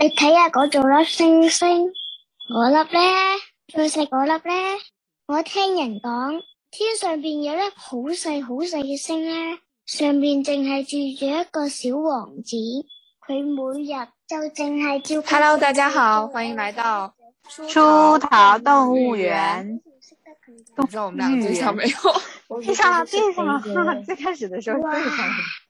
你睇下嗰種粒星星，果粒咧，最細果粒咧。我聽人講，天上邊有粒好細好細嘅星咧，上面淨係住住一個小王子，佢每日就淨係照。Hello，大家好，歡迎來到出逃動物園。不知道我們兩個最像沒有？最像了，最像了，最、嗯啊、開始的時候最像。